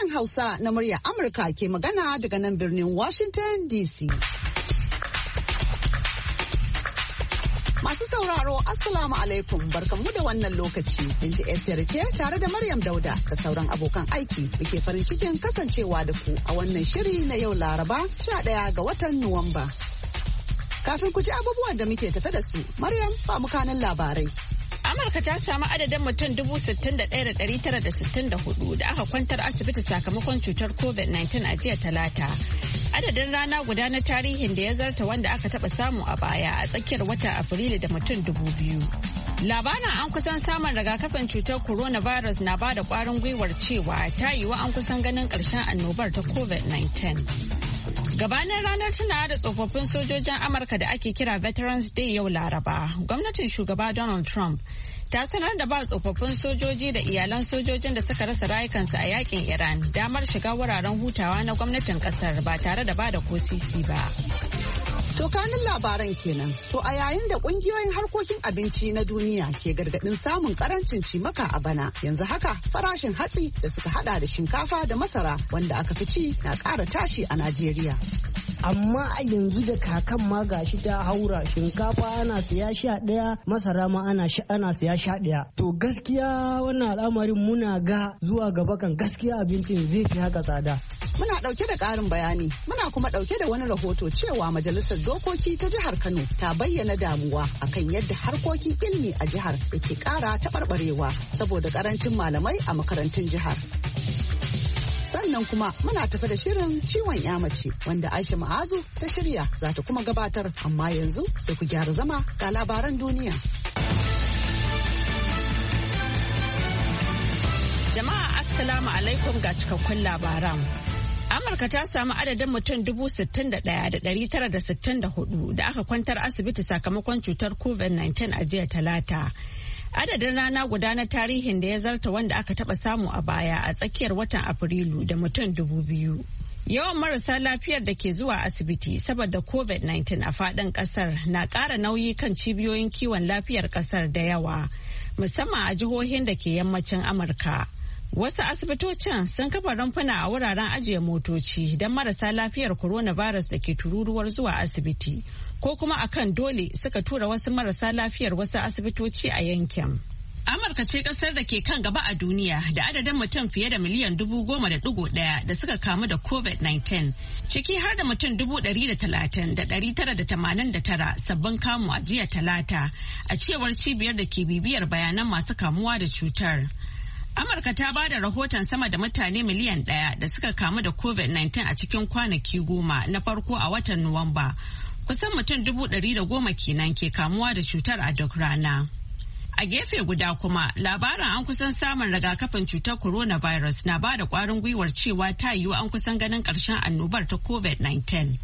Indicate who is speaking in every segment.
Speaker 1: sashen Hausa na murya Amurka ke magana daga nan birnin Washington DC. Masu sauraro Assalamu alaikum barkanmu da wannan lokaci. Binci Esther ce tare da Maryam Dauda da sauran abokan aiki muke farin cikin kasancewa da ku a wannan shiri na yau Laraba 11 ga watan Nuwamba. Kafin ku ji abubuwan da muke tafe da su, Maryam ba mu kanin labarai.
Speaker 2: Amurka ta samu adadin mutum 61,964 da aka kwantar asibiti sakamakon cutar COVID-19 a jiya talata. Adadin rana guda na tarihin da ya zarta wanda aka taɓa samu a baya a tsakiyar watan Afrilu da mutum biyu. Labarin an kusan samun rigakafin cutar coronavirus na bada kwarin gwiwar cewa ta yiwu an kusan ganin ƙarshen annobar ta COVID-19. Gabanin ranar tunawa da tsofaffin sojojin Amurka da ake kira Veterans Day yau Laraba, gwamnatin shugaba Donald Trump ta sanar da ba tsofaffin sojoji da iyalan sojojin da suka rasa rayukansu a yakin Iran damar shiga wuraren hutawa na gwamnatin kasar ba tare da ba da ko ba.
Speaker 1: To kanin labaran kenan. To a yayin da kungiyoyin harkokin abinci na duniya ke gargadin samun karancin cimaka a bana yanzu haka farashin hatsi da suka hada da
Speaker 3: shinkafa da masara wanda aka fi ci na ƙara tashi a Najeriya. amma a yanzu da kakan ma gashi ta haura shinkafa ana siya sha ɗaya masara ma ana ana siya sha ɗaya to gaskiya wannan al'amarin muna ga zuwa gaba kan gaskiya abincin zai fi haka tsada muna ɗauke da ƙarin bayani muna kuma ɗauke da wani rahoto
Speaker 1: cewa majalisar dokoki ta jihar Kano ta bayyana damuwa akan yadda harkokin ilmi a jihar yake ke ƙara taɓarɓarewa saboda ƙarancin malamai a makarantun jihar. sannan kuma muna tafi da shirin ciwon ya mace wanda aisha ma'azu ta shirya za ta kuma gabatar amma yanzu sai ku gyara zama ga labaran duniya
Speaker 2: jama'a assalamu alaikum ga cikakkun labaran Amurka ta samu adadin mutum 61,964 da aka kwantar asibiti sakamakon cutar COVID-19 a jiya talata Adadin rana guda na tarihin da ya zarta wanda aka taɓa samu a baya a tsakiyar watan Afrilu da mutum dubu biyu. Yawan marasa lafiyar da ke zuwa asibiti saboda COVID-19 a fadin kasar na kara nauyi kan cibiyoyin kiwon lafiyar kasar da yawa, musamman a jihohin da ke yammacin Amurka. Wasu asibitocin sun kafa rumfuna a wuraren ajiye motoci don marasa lafiyar coronavirus da ke tururuwar zuwa asibiti. ko kuma akan dole suka tura wasu marasa lafiyar wasu asibitoci a yankin. Amurka ce kasar da ke kan gaba a duniya da adadin mutum fiye da miliyan dubu goma da digo daya da suka kamu da COVID-19 ciki har da mutum dubu dari da talatin da dari tara da tamanin da tara sabbin kamu a jiya talata a cewar cibiyar da ke bibiyar bayanan masu kamuwa da cutar. Amurka ta ba da rahoton sama da mutane miliyan daya da suka kamu da COVID-19 a cikin kwanaki goma na farko a watan Nuwamba. kusan mutum dubu ɗari da goma kenan ke kamuwa da cutar a duk rana. A gefe guda kuma labarin an kusan samun rigakafin cutar coronavirus na ba da kwarin gwiwar cewa ta yiwu an kusan ganin ƙarshen annobar ta COVID-19.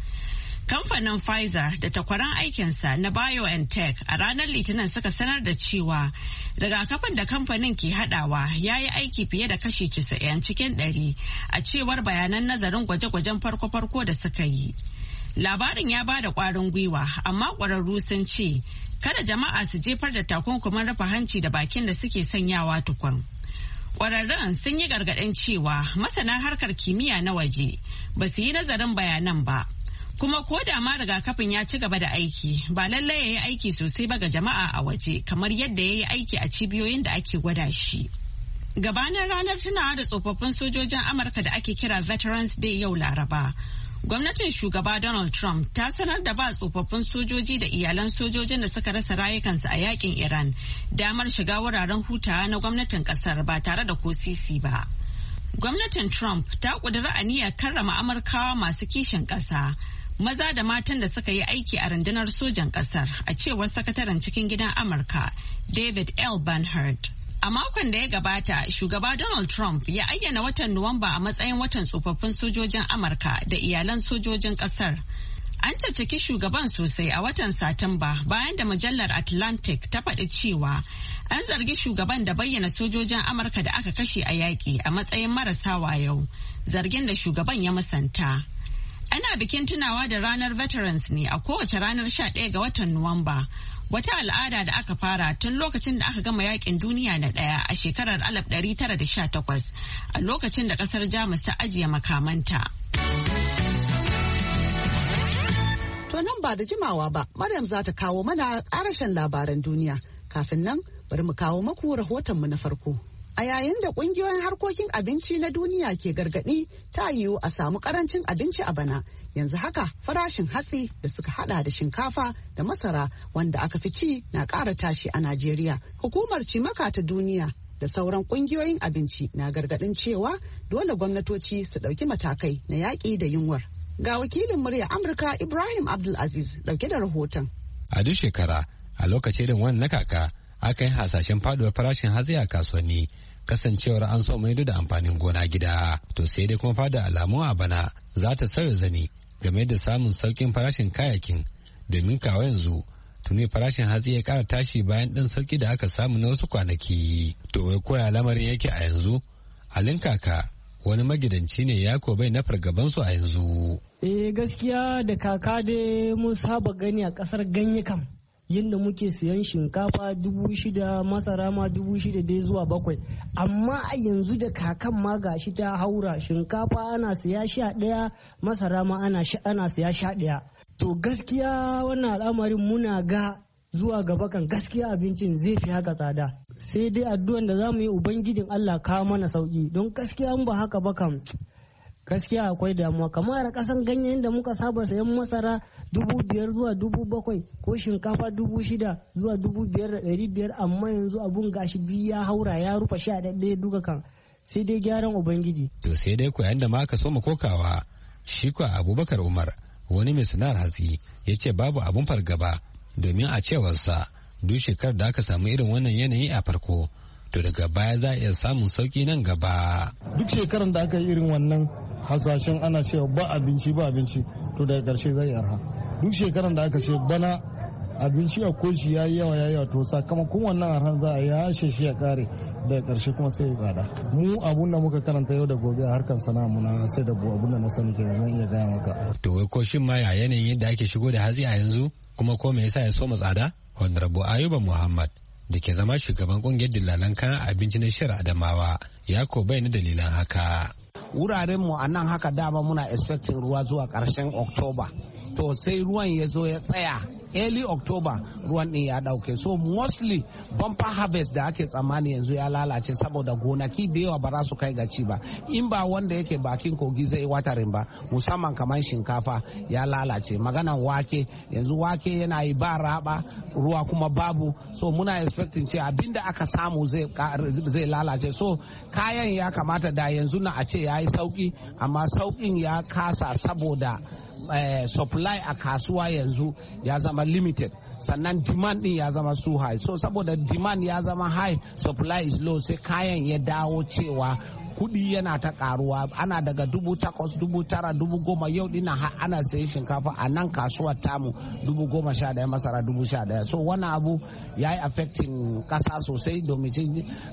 Speaker 2: Kamfanin Pfizer da takwaran aikinsa na BioNTech a ranar Litinin suka sanar da cewa rigakafin da kamfanin ke hadawa ya yi aiki fiye da kashi 90 cikin 100 a cewar bayanan nazarin gwaje-gwajen farko-farko da suka yi. Labarin ya bada kwarin gwiwa, amma kwararru sun ce, kada jama'a su jefar da takunkumin rufe hanci da bakin da suke sanyawa tukun. Kwararren sun yi gargaɗin cewa masana harkar kimiyya na waje ba su yi nazarin bayanan ba. Kuma ko da ma rigakafin ya ci gaba da aiki ba lallai ya yi aiki sosai ba ga jama'a a waje kamar yadda ya yi aiki a cibiyoyin da ake gwada shi. Gabanin ranar tunawa da tsofaffin sojojin Amurka da ake kira Veterans Day yau Laraba. Gwamnatin shugaba Donald Trump ta sanar da ba tsofaffin sojoji da iyalan sojojin da suka rasa rayukansu a yakin Iran damar shiga wuraren hutawa na gwamnatin kasar ba tare da ko sisi ba. Gwamnatin Trump ta ƙudiri aniyar karrama Amurkawa masu kishin ƙasa. Maza da matan da suka yi aiki a rundunar sojan ƙasar a cewar sakataren cikin gidan Amurka David L. Banhart. A makon da ya gabata, shugaba Donald Trump ya ayyana watan Nuwamba a matsayin watan tsofaffin sojojin Amurka da iyalan sojojin kasar. An caccaki shugaban sosai a watan Satumba bayan da mujallar Atlantic ta faɗi cewa an zargi shugaban da bayyana sojojin Amurka da aka kashe a yaƙi a matsayin marasa wayau, zargin da shugaban ya musanta. Ana bikin tunawa da ranar Veterans ne a kowace ranar 11 ga watan Nuwamba, wata al'ada da aka fara tun lokacin da aka gama yakin duniya na daya a shekarar 1918 a lokacin da kasar jamus ta ajiye makamanta.
Speaker 1: To nan ba da jimawa ba, Maryam za ta kawo mana ƙarashen labaran duniya. Kafin nan, bari mu kawo maku rahotonmu na farko. a yayin da kungiyoyin harkokin abinci na duniya ke gargadi ta yiwu a samu karancin abinci a bana yanzu haka farashin hatsi da suka hada da shinkafa da masara wanda aka fi ci na ƙara tashi a najeriya hukumar cimaka ta duniya da sauran kungiyoyin abinci na gargadin cewa dole gwamnatoci su ɗauki matakai na yaƙi da yunwar. Ga wakilin murya Amurka Ibrahim Abdulaziz ɗauke da rahoton.
Speaker 4: A duk shekara a lokacin irin wannan kaka aka yi hasashen faduwar farashin hatsi a kasuwanni kasancewar an so maido da amfanin gona gida to sai dai kuma fada alamu a bana za ta sauya zani game da samun saukin farashin kayakin domin kawo yanzu tuni farashin hatsi ya kara tashi bayan ɗan sauki da aka samu na wasu kwanaki to wai koya lamarin yake a yanzu halin kaka wani magidanci ne ya bai na fargabansu a yanzu
Speaker 3: eh gaskiya da kaka dai mun saba gani a kasar ganye yadda muke siyan shinkafa dubu shida masara ma dubu shida dai zuwa bakwai amma a yanzu da kakan ma gashi ta haura shinkafa ana siya sha ɗaya masara ma ana siya sha ɗaya to gaskiya wannan al'amarin muna ga zuwa gaba kan gaskiya abincin zai fi haka tsada sai dai addu'an da za mu yi ubangijin allah kawo mana sauki don gaskiya ba haka ba kan gaskiya akwai damuwa kamar kasan ganyen da muka saba sayan masara dubu biyar zuwa dubu bakwai ko shinkafa dubu shida zuwa dubu biyar da ɗari biyar amma yanzu abun gashi biyu ya haura ya rufe sha ɗaya duka kan sai dai gyaran ubangiji.
Speaker 4: to sai dai ko da ma aka so mu kokawa shi ko abubakar umar wani mai sana'ar hatsi ya ce babu abun fargaba domin a cewarsa duk shekarar da aka samu irin wannan yanayi a farko to daga baya za a iya samun sauki nan gaba. duk shekarar da
Speaker 5: aka yi irin wannan hasashen ana cewa ba abinci ba abinci to daga karshe zai arha duk shekaran da aka ce bana abinci a koshi ya yi yawa ya yawa to sakamakon wannan arhan za a yashe shi ya kare daga karshe kuma sai ya tsada mu abun da muka karanta yau da gobe a harkar sana'a na sai da abun da na sani ke zan iya gaya
Speaker 4: maka. to wai ko shin ma ya yanayin yadda ake shigo da hatsi a yanzu kuma ko me yasa ya so mu tsada honorable ayuba muhammad da ke zama shugaban kungiyar dillalan kayan abinci na shirar adamawa ya ko bayyana dalilan haka.
Speaker 6: wuraren mu a nan haka dama muna expecting ruwa zuwa karshen october to sai ruwan ya zo ya tsaya early october ruwan din ya dauke so mostly bumper harvest da ake tsammani yanzu ya lalace saboda gonaki da yawa ba za su kai gaci ba in ba wanda yake bakin kogi zai watarin ba musamman kamar shinkafa ya lalace maganan wake yanzu wake yana yi ba raba ruwa kuma babu so muna expecting ce abinda aka samu zai lalace so kayan ya kamata da yanzu na a ce ya yi sauki amma saukin ya kasa saboda Eh, supply a kasuwa yanzu ya zama limited sannan demand din ya zama su high so saboda demand ya zama high supply is low sai kayan ya dawo cewa kuɗi yana ta ƙaruwa ana daga dubu takwas dubu tara dubu goma yau dina ana sayi shinkafa a nan kasuwar tamu dubu goma sha daya masara dubu sha daya so wani abu ya yi affecting ƙasa sosai domin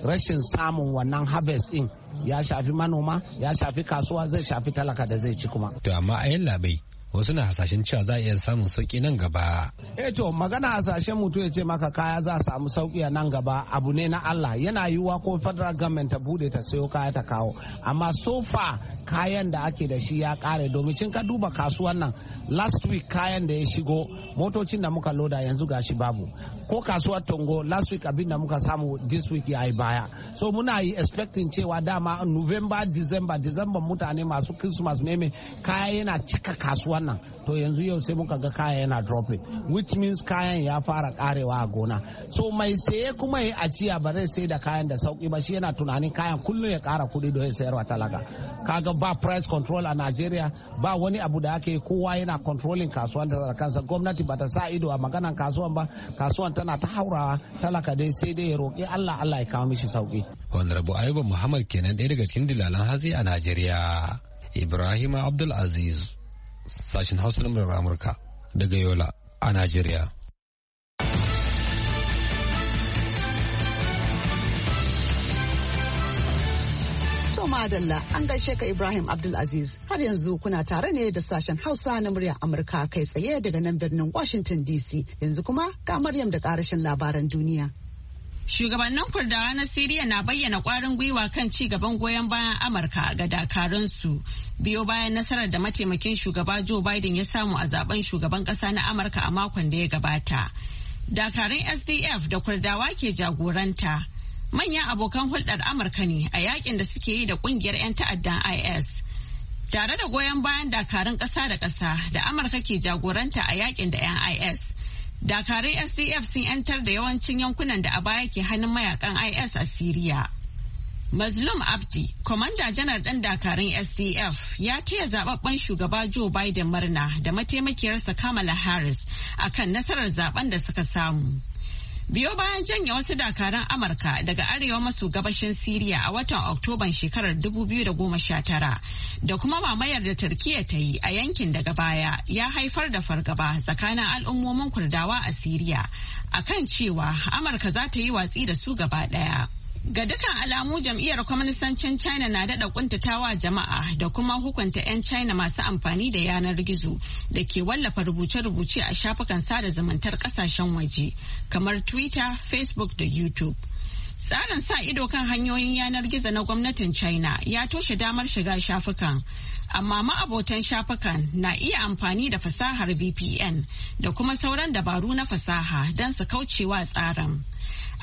Speaker 6: rashin samun wannan harvest din ya shafi manoma ya shafi kasuwa zai shafi talaka da zai ci kuma
Speaker 4: to amma a yin labai wasu na hasashen cewa za a iya samun sauki nan gaba.
Speaker 6: Eh to magana hasashen mutum ya ce maka kaya za a samu sauki a nan gaba abu ne na Allah yana yiwuwa ko federal government ta bude ta sayo kaya ta kawo amma so far kayan da ake da shi ya kare domin cin ka duba kasuwan nan last week kayan da ya shigo motocin da muka loda yanzu gashi babu ko kasuwar tongo last week abin da muka samu this week ya yi baya so muna yi expecting cewa dama november december december mutane masu christmas ne kaya yana cika kasuwan nan to yanzu yau sai muka ga kaya yana dropping which means kayan ya fara karewa a gona so mai saye kuma ya ajiya ba zai sai da kayan da sauki ba shi yana tunanin kayan kullum ya kara kuɗi don ya sayarwa talaka kaga ba price control a Najeriya ba wani abu da ake kowa yana controlling kasuwan da kansa gwamnati bata sa ido a maganan kasuwan ba kasuwan tana ta haurawa talaka dai sai dai ya roki Allah Allah ya kawo mishi sauki
Speaker 4: honorable Ayuba Muhammad kenan ɗaya daga cikin dilalan hatsi a Najeriya Ibrahim Abdul Aziz sashen hausa na murar amurka daga yola a najeriya
Speaker 1: madalla an gaishe ka Ibrahim Abdulaziz har yanzu kuna tare ne da sashen Hausa na muryar Amurka kai tsaye daga nan birnin Washington DC yanzu kuma ga Maryam da karashin labaran duniya.
Speaker 2: Shugabannin Kurdawa na Siriya na bayyana kwarin gwiwa kan ci gaban goyon bayan Amurka ga dakarunsu. Biyo bayan nasarar da mataimakin shugaba Joe Biden ya samu a zaben shugaban ƙasa na Amurka a makon da ya gabata. Dakarun SDF da Kurdawa ke jagoranta. Manyan abokan hulɗar Amurka ne a yakin da suke yi da ƙungiyar 'yan ta'addan IS. Tare da goyon bayan dakarun ƙasa da ƙasa da Amurka ke jagoranta a yakin da 'yan IS. dakarun sdf sun 'yantar da yawancin yankunan da a baya ke hannun mayakan is a siriya mazlum abdi kwamanda janar ɗan dakarun sdf ya taya zababben shugaba joe biden murna da mataimakiyarsa kamala harris akan nasarar zaben da suka samu biyo bayan janye wasu dakaran amurka daga arewa maso gabashin siriya a watan oktoban shekarar 2019 da kuma mamayar da turkiya ta yi a yankin daga baya ya haifar da fargaba tsakanin al'ummomin kurdawa a siriya akan cewa amurka za ta yi watsi da su gaba daya Ga dukkan alamu jam'iyyar kwaminisancin China na daɗa kuntatawa jama'a da kuma hukunta 'yan China masu amfani da yanar gizo da ke wallafa rubuce-rubuce a shafukan sada zumuntar ƙasashen waje kamar Twitter, Facebook da YouTube. Tsarin sa ido kan hanyoyin yanar gizo na gwamnatin China ya toshe damar shiga shafukan, amma ma'abotan shafukan na iya amfani da fasahar VPN da kuma sauran dabaru na fasaha don su kaucewa tsarin.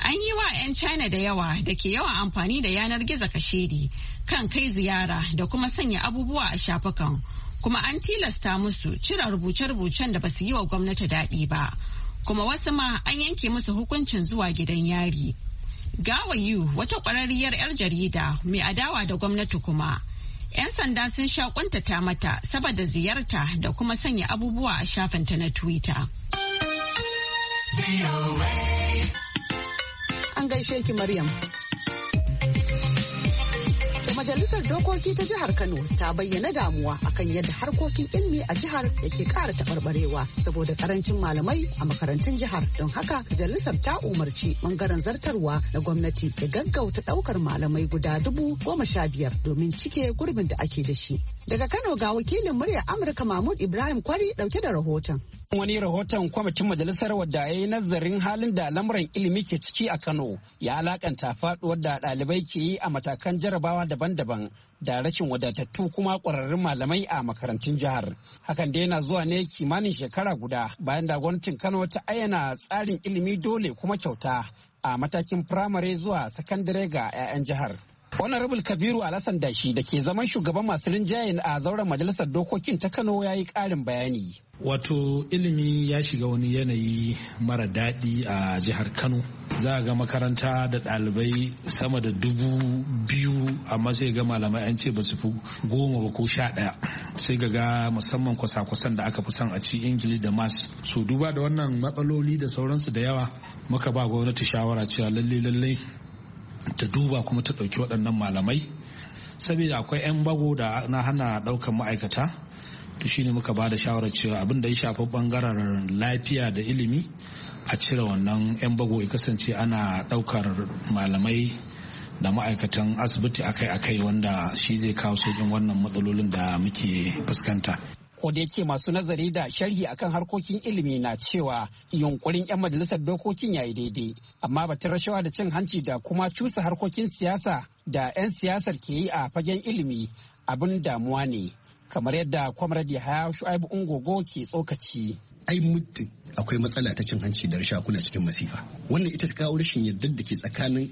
Speaker 2: An yi wa 'yan China da yawa da ke yawan amfani da yanar gizo kashedi kan kai ziyara da kuma sanya abubuwa a shafukan, kuma an tilasta musu cire rubuce-rubucen da ba su yi wa gwamnati daɗi ba, kuma wasu ma an yanke musu hukuncin zuwa gidan yari. Gawayu wata ƙwararriyar 'yar jarida mai adawa da gwamnati kuma. 'Yan sanda sun sha mata saboda ziyarta da kuma sanya abubuwa a shafinta na Twitter. An
Speaker 1: gaishe ki Maryam. Majalisar Dokoki ta Jihar Kano ta bayyana damuwa akan yadda harkokin ilmi a jihar yake ƙara taɓarɓarewa saboda ƙarancin malamai a makarantun jihar. Don haka majalisar ta umarci ɓangaren zartarwa na gwamnati ya gaggauta ɗaukar malamai guda dubu goma sha biyar domin cike gurbin da ake da shi. Daga Kano ga wakilin muryar Amurka Mahmud Ibrahim Kwari ɗauke da rahoton.
Speaker 7: Wani rahoton kwamitin majalisar wadda ya yi nazarin halin da lamuran ilimi ke ciki a Kano ya alakanta faduwar da ɗalibai ke yi a matakan jarabawa daban-daban da rashin wadatattu kuma kwararrun malamai a makarantun jihar. Hakan dai yana zuwa ne kimanin shekara guda bayan da gwamnatin Kano ta ayyana tsarin ilimi dole kuma kyauta a matakin firamare zuwa sakandare ga 'ya'yan jihar. Honorable Kabiru Alassan Dashi da ke zaman shugaban masu rinjayen a zauren majalisar dokokin ta Kano ya yi karin bayani. Wato
Speaker 5: ilimi ya shiga wani yanayi mara daɗi a jihar Kano. Za a ga makaranta da ɗalibai sama da dubu biyu amma sai ga malamai an ce ba su fi goma ba ko sha ɗaya. Sai ga ga musamman kwasa-kwasan da aka fi son a ci Ingili da Mas. So duba da wannan matsaloli da sauransu da yawa muka ba gwamnati shawara cewa lallai lallai ta duba kuma ta ɗauki waɗannan malamai saboda akwai 'yan bago da na hana ɗaukar ma'aikata to shi ne muka ba da shawarar cewa abin da ya shafi bangaren lafiya da ilimi a cire wannan 'yan bago ya kasance ana ɗaukar malamai da ma'aikatan asibiti akai-akai wanda shi zai kawo sojin wannan matsalolin da muke fuskanta
Speaker 7: ko da masu nazari da sharhi akan harkokin ilimi na cewa yunkurin 'yan majalisar dokokin ya yi daidai amma batun rashawa da cin hanci da kuma cusa harkokin siyasa da 'yan siyasar ke yi a fagen ilimi abin damuwa ne kamar yadda ya haya shu'aibu ungogo ke tsokaci ai
Speaker 4: muddin akwai matsala ta cin hanci da rashawa kuna cikin masifa wannan ita ta kawo rashin yadda da ke tsakanin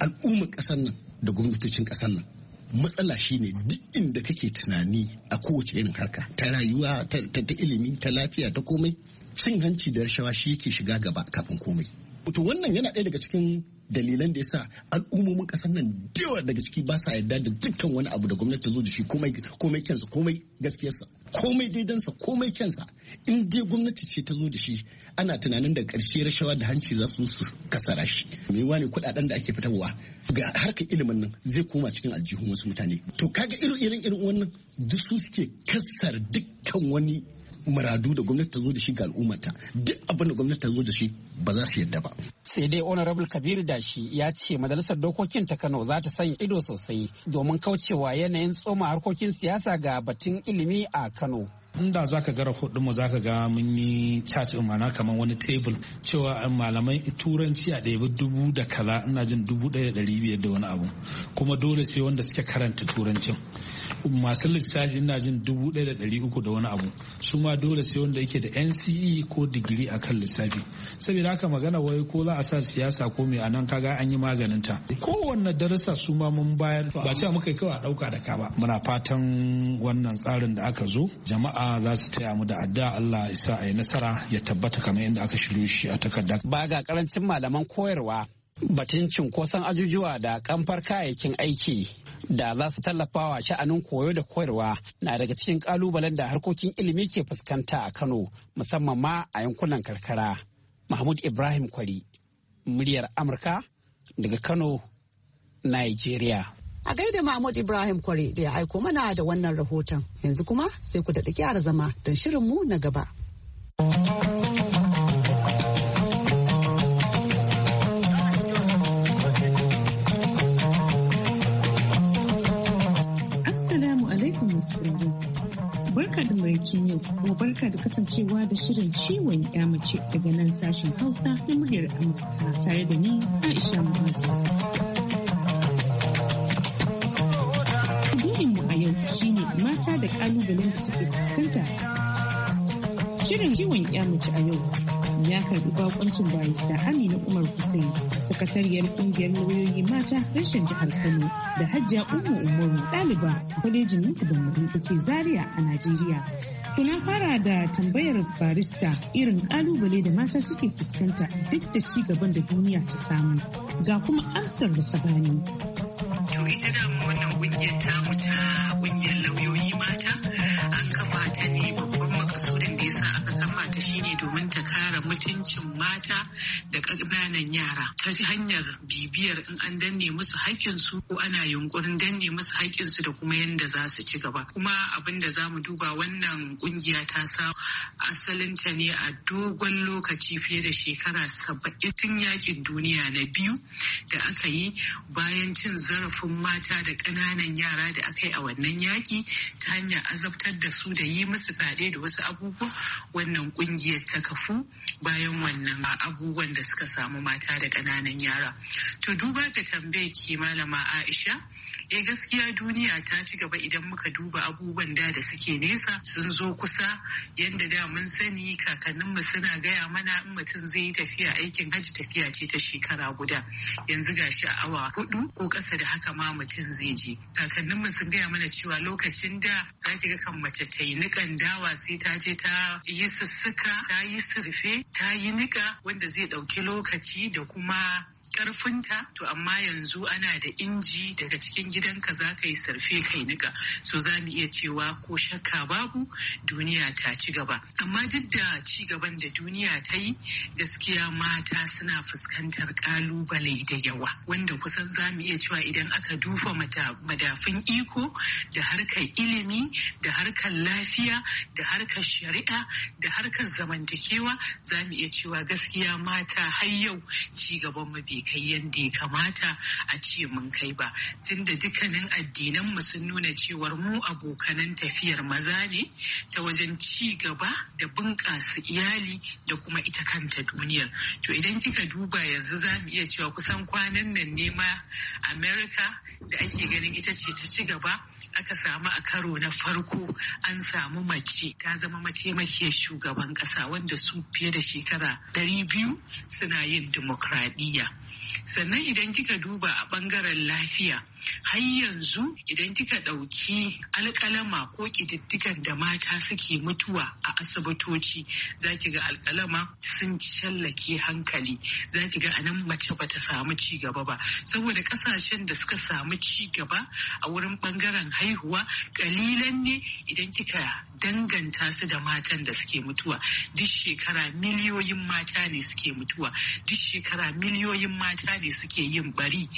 Speaker 4: al'ummar ƙasar nan da gwamnatocin ƙasar nan matsala shine duk inda kake tunani a kowace irin harka ta rayuwa ta ilimi ta lafiya ta komai cin hanci da rashawa shi yake shiga gaba kafin komai to wannan yana ɗaya daga cikin dalilan da ya sa al'ummomin kasar nan yawa daga ciki ba sa yarda da dukkan wani abu da gwamnati ta zo da shi komai komai kyansa komai gaskiyarsa komai daidansa komai kyansa in dai gwamnati ce ta zo da shi ana tunanin da karshe rashawa da hanci za su su kasara shi mai wani kuɗaɗen da ake fitarwa ga harkar ilimin nan zai koma cikin aljihun wasu mutane to kaga irin irin irin wannan duk su suke kasar dukkan wani muradu da gwamnati ta zo da shi ga al'ummata duk abin da gwamnati ta zo da shi ba za su yadda ba. sai dai honorable kabir dashi
Speaker 7: ya ce majalisar dokokin ta kano za ta sanya ido sosai domin kaucewa yanayin tsoma harkokin siyasa ga batun ilimi a kano.
Speaker 5: inda za ka gara hudunmu za ka ga mun yi chat in kamar wani table cewa eh, malamai turanci a ɗaya dubu da kaza ina jin dubu ɗaya da ɗari biyar da wani abu kuma dole sai wanda suke karanta turancin masu lissafi ina jin dubu ɗaya da ɗari uku da wani abu su ma dole sai wanda yake da nce ko digiri a kan lissafi saboda haka magana wai ko za a sa siyasa ko mai anan kaga an yi maganin ta kowanne darasa su ma mun bayar ba cewa muka yi kawai a ɗauka da ka ba muna fatan wannan tsarin da aka zo jama'a jama'a za su taya mu da adda Allah ya a yi nasara ya tabbata kamar yadda aka shiru shi a takarda.
Speaker 7: Ba ga karancin malaman koyarwa batun cunkoson ajujuwa da kamfar kayayyakin aiki da za su tallafawa sha'anin koyo da koyarwa na daga cikin kalubalen da harkokin ilimi ke fuskanta a Kano musamman ma a yankunan karkara. Mahmud Ibrahim Kwari, muryar Amurka daga Kano, Nigeria.
Speaker 1: A gaida Mahmud Ibrahim kware da ya aiko mana da wannan rahoton. Yanzu kuma sai ku daɗi kyara zama don shirinmu na gaba.
Speaker 8: Assalamu alaikum masu Barka da yau kuma barka da kasancewa da shirin ciwon mace daga nan sashen Hausa na muryar Amurka tare da ni Aisha Muhammad. mata da kalubalen da suke fuskanta. Shirin ciwon ya mace a yau ya karbi bakoncin barista Amina Umar Hussein, sakatariyar kungiyar lauyoyi mata rashin jihar Kano da Hajiya Ummu Umaru ɗaliba kwalejin Nukuban Mari da ke Zaria a Najeriya. Kuna fara da tambayar barista irin kalubale da mata suke fuskanta duk da ci gaban da duniya ta samu ga kuma amsar da ta bani.
Speaker 9: To ita dama wannan kungiyar tamu ta kungiyar lauyoyi mata an kafa ta ne babban makasudin da yasa aka kafa ta shine domin ta kare mutuncin mata da ƙananan yara ta hanyar bibiyar in an danne musu haƙƙinsu ko ana yunkurin danne musu haƙƙinsu da kuma yadda za su ci gaba. Kuma abin da za mu duba wannan kungiya ta samu asalinta ne a dogon lokaci fiye da shekara saba'in yakin duniya na biyu da aka yi bayan cin zarafin zafin mata da ƙananan yara da aka yi a wannan yaki ta hanyar azabtar da su da yi musu fyaɗe da wasu abubuwa wannan ƙungiyar ta kafu bayan wannan abubuwan da suka samu mata da ƙananan yara. To duba ka tambaye ki malama Aisha e gaskiya duniya ta ci gaba idan muka duba abubuwan da da suke nesa sun zo kusa yadda da mun sani kakanninmu suna gaya mana in mutum zai yi tafiya aikin hajji tafiya ce ta shekara guda yanzu gashi a awa hudu ko ƙasa da haka haka mutum zai ji kakanninmu sun gaya mana cewa lokacin da za ki ga kan mace ta yi dawa sai ta je ta yi sussuka ta yi surfe ta yi nika wanda zai ɗauki lokaci da kuma karfinta to amma yanzu ana da inji daga cikin gidanka za ka yi sarfe kai nika so za mu iya cewa ko shakka babu duniya ta ci gaba amma duk da ci gaban da duniya ta yi gaskiya mata suna fuskantar kalubale da yawa wanda kusan za mu iya cewa idan aka dufa madafin iko da harkar ilimi da harkar lafiya da harkar shari'a da harkar zamantakewa za mu iya cewa gaskiya mata har yau ci gaban mabi kai yadda ya kamata a ce mun kai ba tunda dukkanin addinan mu sun nuna cewar mu abokanan tafiyar maza ne ta wajen ci gaba da bunƙasa iyali da kuma ita kanta duniyar to idan kika duba yanzu za mu iya cewa kusan kwanan nan ne ma america da ake ganin ita ce ta ci gaba aka samu a karo na farko an samu mace ta zama mace mace shugaban ƙasa wanda su fiye da shekara 200 suna yin dimokuraɗiyya sannan idan kika duba a bangaren lafiya har yanzu idan kika ɗauki alƙalama ko ƙididdigan da mata suke mutuwa a asibitoci za ki ga alƙalama sun shallake hankali za ki ga a nan mace bata samu ci gaba ba saboda ƙasashen da suka samu ci gaba a wurin bangaren haihuwa ƙalilan ne idan kika danganta su da matan da suke mutuwa duk shekara miliyoyin mata ne suke mutuwa duk shekara miliyoyin mata mata ne suke yin bari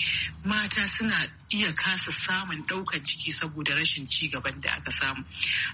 Speaker 9: mata suna iya kasa samun ɗaukan ciki saboda rashin ci gaban da aka samu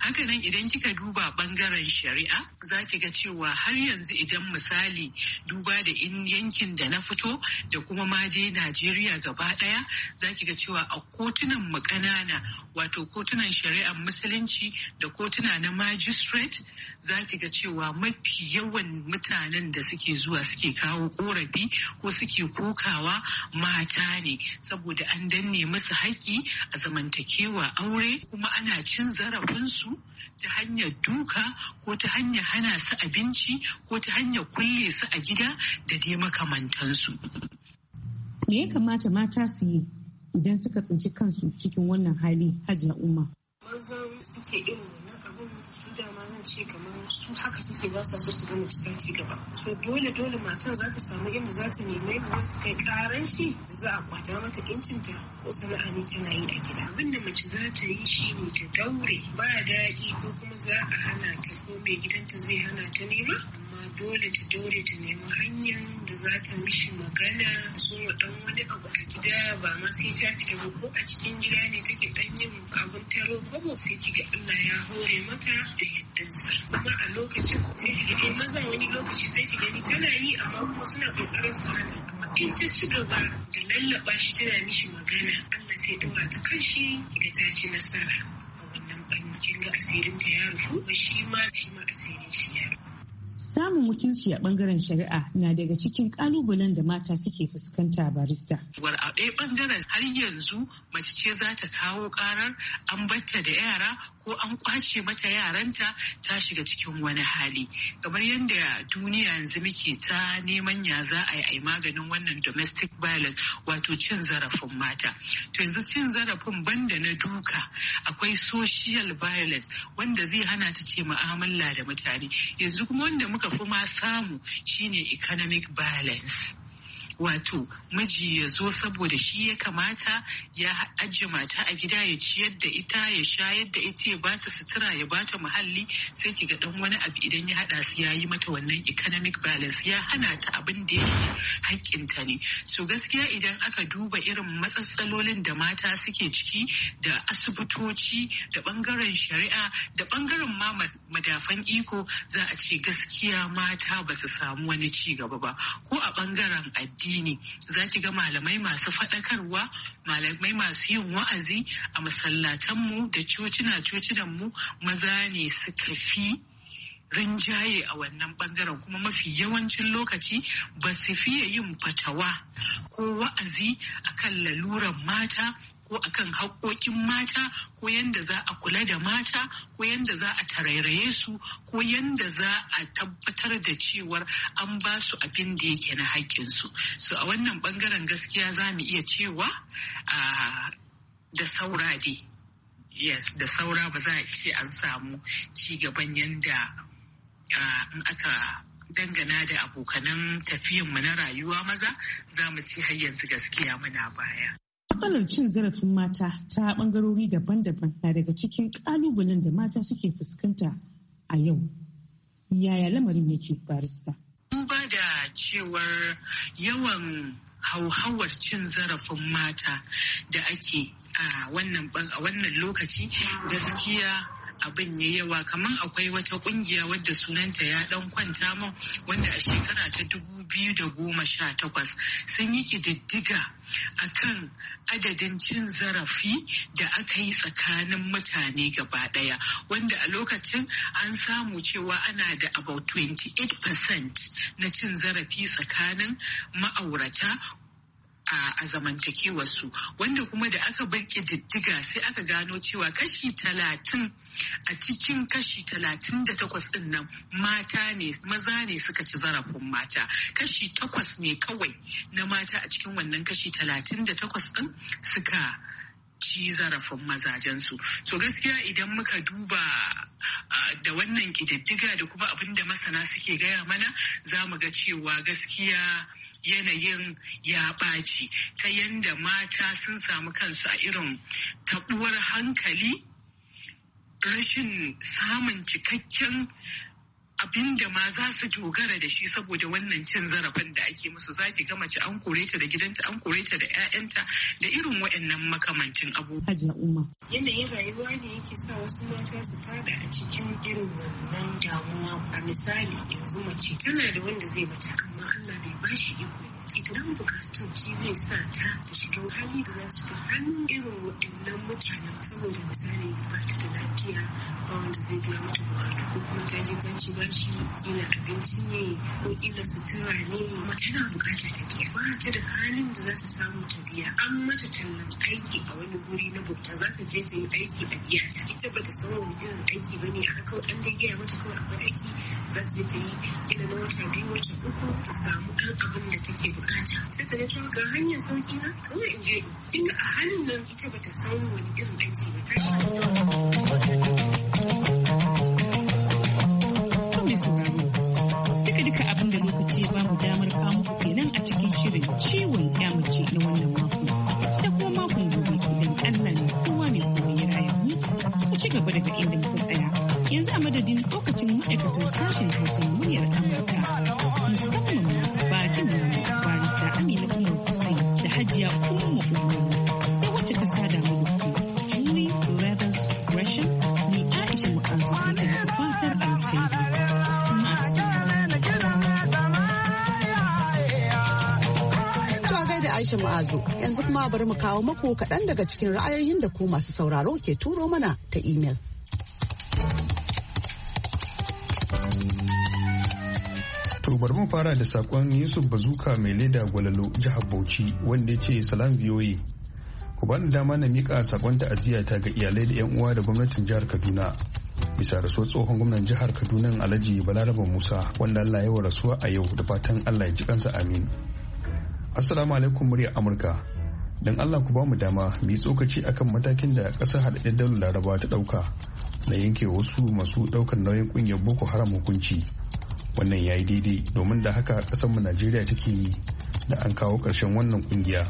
Speaker 9: hakanan idan kika duba bangaren shari'a za ki ga cewa har yanzu idan misali duba da in yankin da na fito da kuma ma je najeriya gaba ɗaya za ki ga cewa a kotunan mu ƙanana wato kotunan shari'ar musulunci da kotuna na magistrate za ki ga cewa mafi yawan mutanen da suke zuwa suke kawo korafi ko suke ko kokawa mata ne saboda an danne musu haƙƙi a zamantakewa aure kuma ana cin zarafin su ta hanyar duka ko ta hanyar hana su abinci ko ta hanyar kulle su a gida da dai makamantansu. Me ya
Speaker 8: kamata mata su yi idan suka tsinci kansu cikin wannan hali hajiya umar?
Speaker 10: Maza suke irin su haka suke ba sa so su ga mace ci gaba To dole dole matan za ta samu yadda za ta nemi yadda za ta kai karan shi za a kwata mata ta ko abin tana yi a gida abin da mace za ta yi shi ne ta daure ba daɗi ko kuma za a hana ta ko mai gidanta zai hana ta nema amma dole ta daure ta nemi hanyar da za ta mishi magana so wa ɗan wani abu a gida ba ma sai ta fita ba ko a cikin gida ne take ɗan yin abin taro kobo sai kiga Allah ya hore mata da yaddansa kuma a lokacin sai kiga eh mazan wani lokaci sai ki gani tana yi amma kuma suna ƙoƙarin su hana in ta ci gaba da lallaba shi tana mishi magana Allah sai ɗora ta kan shi ga ta ci nasara a wannan ɓangaren ga asirin ta ya rufu shi ma shi ma asirin shi ya rufu
Speaker 8: Samun wakilci a bangaren shari'a na daga cikin kalubalen da mata suke fuskanta barista.
Speaker 9: War a ɗaya bangaren har yanzu mace ce za ta kawo karar an batta da yara ko an kwace mata yaranta ta shiga cikin wani hali. Kamar yadda duniya yanzu muke ta neman ya za a yi maganin wannan domestic violence wato cin zarafin mata. To yanzu cin zarafin banda na duka akwai social violence wanda zai hana ta ce mu'amala da mutane. Yanzu kuma wanda muka fi ma samu shine economic balance wato miji ya zo saboda shi ya kamata ya ajiye mata a gida ya ciyar da ita ya shayar da ita ya bata sutura ya bata muhalli sai ki ga dan wani abu idan ya hada su yayi mata wannan economic balance ya hana ta abin da ya yake ta ne so gaskiya idan aka duba irin matsatsalolin da mata suke ciki da asibitoci da bangaren shari'a da bangaren ma madafan iko za a ce gaskiya mata ba su samu wani ci gaba ba ko a bangaren addini addini za ki ga malamai masu faɗakarwa malamai masu yin wa'azi a masallatanmu da cocina cocinanmu maza ne suka fi rinjaye a wannan bangaren kuma mafi yawancin lokaci ba su fiye yin fatawa ko wa'azi a kan laluran mata ko akan haƙoƙin mata ko yanda za a kula da mata ko yanda za a tarairaye su ko yanda za a tabbatar da cewar an ba su abin da yake na haƙƙinsu so a wannan bangaren gaskiya za mu iya cewa da saura dai yes da saura ba za a ce an samu cigaban yanda in aka dangana da abokanan mu na rayuwa maza za mu ci har yanzu gaskiya muna baya.
Speaker 8: Matsalar cin zarafin mata ta bangarori daban-daban na daga cikin kalubalen da mata suke fuskanta a yau. Yaya lamarin yake
Speaker 7: barista?
Speaker 9: Duba da cewar yawan hauhawar cin zarafin mata da ake a wannan lokaci gaskiya abin ya yawa kamar akwai wata kungiya wadda sunanta ya dan kwanta mun wanda a shekara ta dubu biyu da goma sha takwas sun yi kididdiga kan adadin cin zarafi da aka yi tsakanin mutane gaba daya wanda a lokacin an samu cewa ana da about 28% na cin zarafi tsakanin ma'aurata a a zamantakewarsu wanda kuma da aka barke diddiga sai aka gano cewa kashi talatin a cikin kashi talatin da takwas ɗin nan mata ne maza ne suka ci zarafin mata kashi takwas ne kawai na mata a cikin wannan kashi talatin da takwas ɗin suka ci zarafin mazajensu. to gaskiya idan muka duba da wannan ƙididdiga da kuma abin da masana suke gaya mana za mu ga cewa gaskiya yanayin ya ɓaci ta yanda mata sun samu kansu a irin taɓuwar hankali rashin samun cikakken abin da ma za su dogara da shi saboda wannan cin zarafin da ake musu za ki ga mace an kore ta da gidanta an kore ta da 'ya'yanta da irin waɗannan makamancin
Speaker 8: abubuwa.
Speaker 9: Yanayin rayuwa ne yake sa
Speaker 10: wasu mata su fada a cikin irin wannan damuwa a misali yanzu mace tana da wanda zai mata amma Allah bai bashi iko idan bukatun ki zai sa ta ta shiga hali da za su hannun irin waɗannan mutanen saboda misali ba ta da lafiya ba wanda zai biya mata bukatu ko kuma ta je ta ci bashi kila abinci ne ko kila sutura ne kuma tana bukata ta biya ba ta da halin da za ta samu ta biya an mata tallan aiki a wani guri na bauta za ta je ta yi aiki a biya ta ita ba ta san wani aiki ba ne haka kawai an dai gaya mata kawai akwai aiki za ta je ta yi kila na wata biyu wata uku ta samu ɗan abin da take bukata bukata sai ta ga to ga hanyar sauki na kawai in je kin a halin nan ita bata san wani irin aiki ba
Speaker 8: ta
Speaker 1: kuma bari mu kawo maku kaɗan daga cikin ra'ayoyin da ku masu sauraro ke turo mana ta imel.
Speaker 11: To bari mu fara da sakon Yusuf Bazuka mai leda gwalalo jihar Bauchi wanda ya ce salam biyoyi. Ku bani dama na miƙa sakon ta ga iyalai da 'yan uwa da gwamnatin jihar Kaduna. Bisa rasuwar tsohon gwamnan jihar Kaduna Alhaji Balaraba Musa wanda Allah ya wa rasuwa a yau da fatan Allah ya ji kansa amin. Assalamu alaikum murya Amurka. don allah ku ba mu dama mu yi tsokaci akan matakin da ƙasar haɗaɗɗen daular laraba ta ɗauka na yanke wasu masu ɗaukar nauyin ƙungiyar boko haram hukunci wannan ya yi daidai domin da haka mu najeriya take yi da an kawo ƙarshen wannan ƙungiya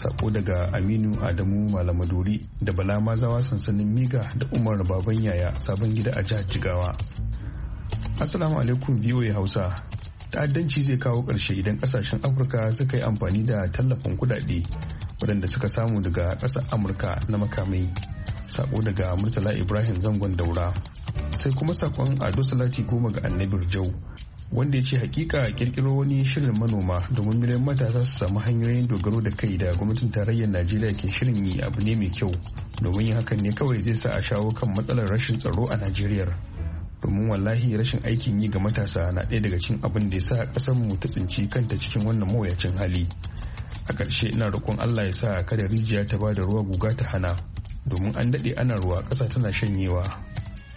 Speaker 11: sako daga aminu adamu malamadori da bala mazawa sansanin miga da umar baban yaya sabon gida a jihar jigawa assalamu alaikum ya hausa ta'addanci zai kawo ƙarshe idan ƙasashen afirka suka yi amfani da tallafin kudade. waɗanda suka samu daga ƙasar amurka na makamai sako daga murtala ibrahim zangon daura sai kuma sakon ado salati goma ga annabir jau wanda ya ce hakika kirkiro wani shirin manoma domin miliyan matasa su samu hanyoyin dogaro da kai da gwamnatin tarayyar najeriya ke shirin yi abu ne mai kyau domin yin hakan ne kawai zai sa a shawo kan matsalar rashin tsaro a najeriya domin wallahi rashin aikin yi ga matasa na ɗaya daga cin abin da ya sa ƙasarmu ta tsinci kanta cikin wannan mawuyacin hali a ƙarshe ina roƙon allah ya sa kada rijiya ta ba da ruwa guga ta hana domin an daɗe ana ruwa ƙasa tana shanyewa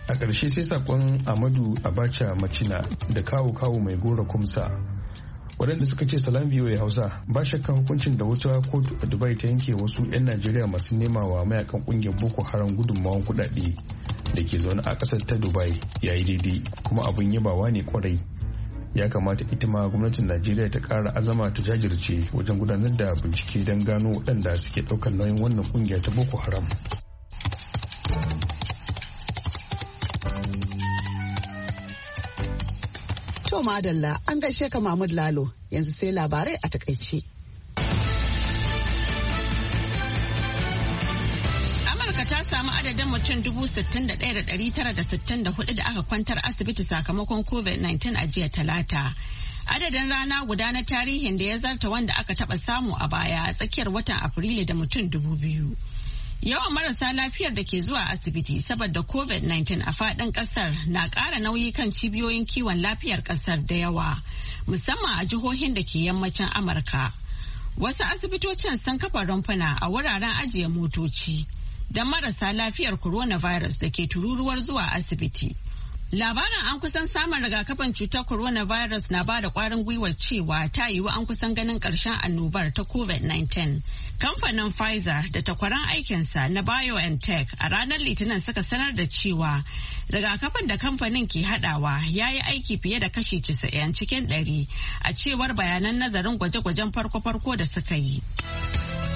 Speaker 11: a ƙarshe sai sakon amadu abacha macina da kawo kawo mai gora kumsa waɗanda suka ce salam biyu ya hausa ba shakka hukuncin da wata kotu a dubai ta yanke wasu 'yan najeriya masu nema wa mayakan ƙungiyar boko haram gudunmawan kuɗaɗe da ke zaune a ƙasar ta dubai ya yi daidai kuma abin yabawa ne kwarai ya kamata ita ma gwamnatin najeriya ta kara azama ta jajirce wajen gudanar da bincike don gano waɗanda suke ɗaukar nauyin wannan kungiya ta boko haram
Speaker 1: to madalla an gaishe ka mahmud lalo yanzu sai labarai a takaice
Speaker 2: amurka ta samu adadin mutum 61,964 da aka kwantar asibiti sakamakon covid-19 a jiya talata adadin rana guda na tarihin da ya zarta wanda aka taba samu a baya a tsakiyar watan afrilu da mutum dubu biyu. yawan marasa lafiyar da ke zuwa asibiti saboda covid-19 a faɗin ƙasar na ƙara nauyi kan cibiyoyin kiwon lafiyar ƙasar da yawa musamman a jihohin da ke yammacin amurka wasu asibitocin sun kafa rumfuna a wuraren ajiye motoci don marasa lafiyar coronavirus da ke tururuwar zuwa asibiti. Labarin an kusan samun rigakafin cutar coronavirus na bada kwarin gwiwar cewa ta yiwu an kusan ganin karshen annobar ta COVID-19. Kamfanin Pfizer da takwaran aikinsa na BioNTech a ranar Litinin suka sanar da cewa rigakafin da kamfanin ke hadawa ya yi aiki fiye da kashi 90 cikin 100 a cewar bayanan nazarin gwaje-gwajen farko-farko da suka yi.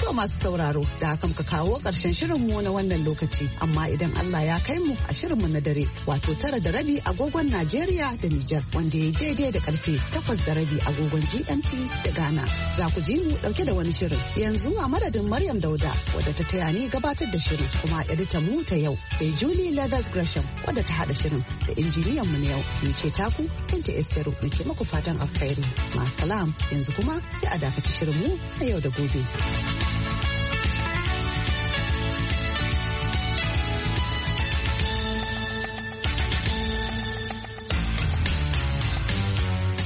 Speaker 1: kuma masu sauraro da haka ka kawo ƙarshen shirinmu na wannan lokaci amma idan Allah ya kai mu a shirinmu na dare wato tara da rabi agogon Najeriya da Nijar wanda ya daidai da karfe takwas da rabi agogon GMT da Ghana. Za ku ji mu ɗauke da wani shirin yanzu a madadin Maryam Dauda wadda ta taya ni gabatar da shirin kuma editor mu ta yau sai Julie Leathers Gresham wadda ta hada shirin da injiniyan mu na yau ni ce taku Binta Esteru muke muku fatan alkhairi. Ma'asalam yanzu kuma sai a dakaci shirin mu na yau da gobe.